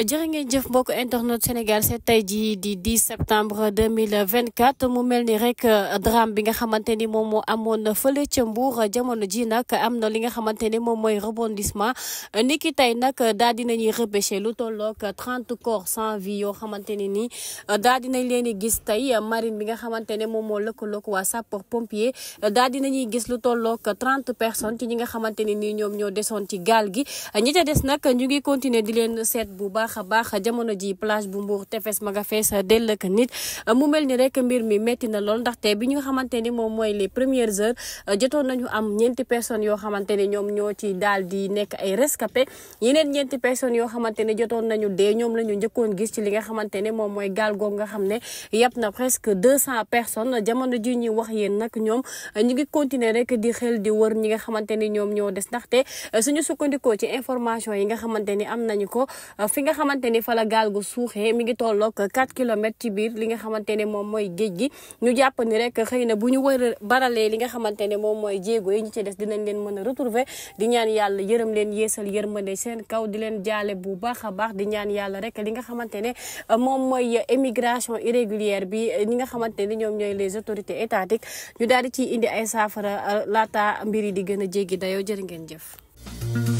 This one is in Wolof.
jërë ngeen jëf mbokk internet Sénégal seet tey jii di 10 septembre 2024 mu mel ni rek euh, drame bi nga xamante ni moom moo amoon fële ca Mbour euh, jamono ji nag am na li nga xamante ni moom mooy rebondissement euh, ni ki tey nag daal dinañuy repêché lu tolloog 30 corps sans vie yoo xamante ne ni daal dinañ leen di gis tey marine bi nga xamante ne moom moo lëkkaloog waa sapeur pompier daal dinañuy gis lu tolloog 30 personnes ci ñi nga xamante ne ni ñoom ñoo desoon ci gaal gi des nag ñu continuer di leen seet bu baax baax a baax jamono ji plage bu Mbour tefes ma nga dell ak nit mu ni rek mbir mi métti na lool ndaxte bi ñu xamante ni moom mooy les premières heures jotoon nañu am ñeenti personnes yoo xamante ne ñoom ñoo ci daal di nekk ay rescapé yeneen ñeenti personnes yoo xamante ne jotoon nañu dee ñoom la ñu njëkkoon gis ci li nga xamante ne moom mooy gaal googu nga xam ne yàpp na presque deux cent personnes jamono ji ñuy wax yéen nag ñoom ñu ngi continuer rek di xel di war ñi nga xamante ni ñoom ñoo des ndaxte suñu sukkandikoo ci information yi nga xamante ni am nañu ko fi nga xamante ni fa la gaal gu suuxee mi ngi tolloog 4 kilomètres ci biir li nga xamante ne moom mooy géej gi ñu jàpp ni rek xëy na bu ñu war barale li nga xamante ne moom mooy jéego yi ñu ci des dinañ leen mën a retrouver di ñaan yàlla yërëm leen yeesal yërmande seen kaw di leen jaale bu baax a baax di ñaan yàlla rek li nga xamante ne moom mooy émigration irrégulière bi ñi nga xamante ni ñoom ñooy les autorités étatiques ñu daal di ciy indi ay saafara laata mbir yi di gën a jéggi dayoo jërë ngeen jëf